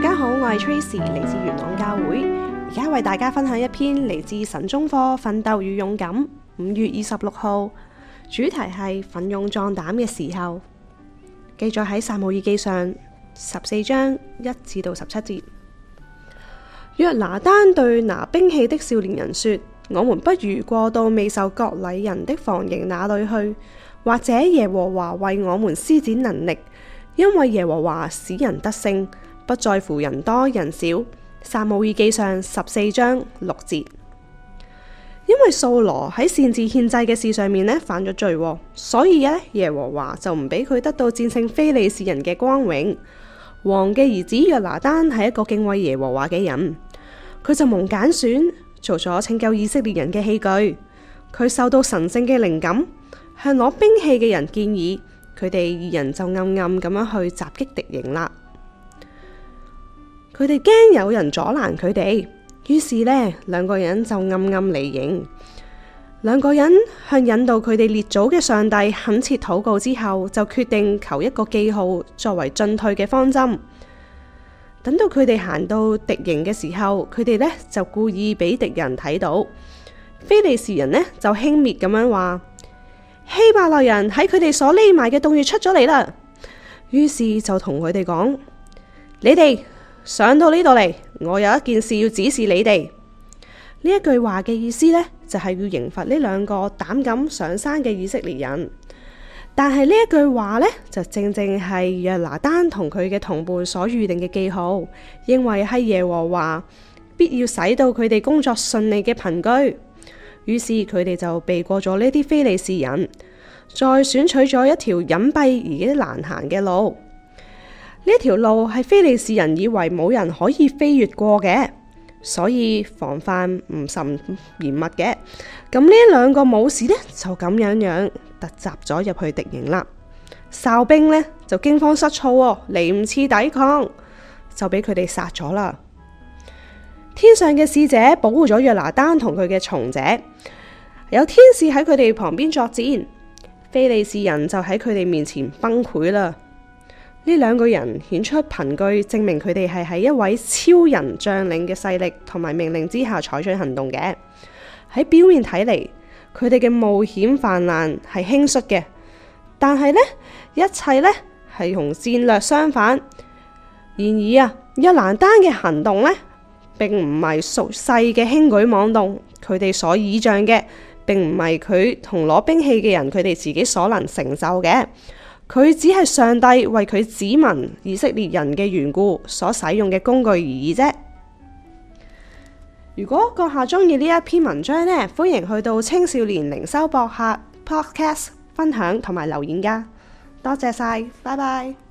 大家好，我係 Tracy，嚟自元朗教會，而家為大家分享一篇嚟自神中課《奮鬥與勇敢》五月二十六號，主題係奮勇壯膽嘅時候，記載喺《撒母耳記》上十四章一至到十七節。約拿單對拿兵器的少年人說：我們不如過到未受割禮人的防營那裏去，或者耶和華為我們施展能力，因為耶和華使人得勝。不在乎人多人少，《撒母耳記》上十四章六節，因為掃羅喺擅自獻祭嘅事上面咧犯咗罪，所以咧耶和華就唔俾佢得到戰勝非利士人嘅光榮。王嘅兒子約拿單係一個敬畏耶和華嘅人，佢就蒙揀選做咗拯救以色列人嘅器具。佢受到神聖嘅靈感，向攞兵器嘅人建議，佢哋二人就暗暗咁樣去襲擊敵營啦。佢哋驚有人阻攔佢哋，於是呢兩個人就暗暗離營。兩個人向引導佢哋列祖嘅上帝懇切禱告之後，就決定求一個記號作為進退嘅方針。等到佢哋行到敵營嘅時候，佢哋呢就故意俾敵人睇到。非利士人呢就輕蔑咁樣話希伯來人喺佢哋所匿埋嘅洞穴出咗嚟啦。於是就同佢哋講：你哋。上到呢度嚟，我有一件事要指示你哋。呢一句話嘅意思呢，就係、是、要刑罰呢兩個膽敢上山嘅以色列人。但係呢一句話呢，就正正係約拿單同佢嘅同伴所預定嘅記號，認為係耶和華必要使到佢哋工作順利嘅憑據。於是佢哋就避過咗呢啲非利士人，再選取咗一條隱蔽而且難行嘅路。呢一條路係菲利士人以為冇人可以飛越過嘅，所以防範唔甚嚴密嘅。咁呢兩個武士呢，就咁樣樣突襲咗入去敵營啦，哨兵呢，就驚慌失措，嚟唔切抵抗，就俾佢哋殺咗啦。天上嘅使者保護咗約拿單同佢嘅從者，有天使喺佢哋旁邊作戰，菲利士人就喺佢哋面前崩潰啦。呢兩個人顯出憑據，證明佢哋係喺一位超人將領嘅勢力同埋命令之下採取行動嘅。喺表面睇嚟，佢哋嘅冒險犯難係輕率嘅，但係呢，一切呢係同戰略相反。然而啊，約拿單嘅行動呢，並唔係俗世嘅輕舉妄動，佢哋所倚仗嘅，並唔係佢同攞兵器嘅人，佢哋自己所能承受嘅。佢只係上帝為佢子民以色列人嘅緣故所使用嘅工具而已啫。如果閣下中意呢一篇文章呢，歡迎去到青少年靈修博客 Podcast 分享同埋留言噶。多謝晒，拜拜。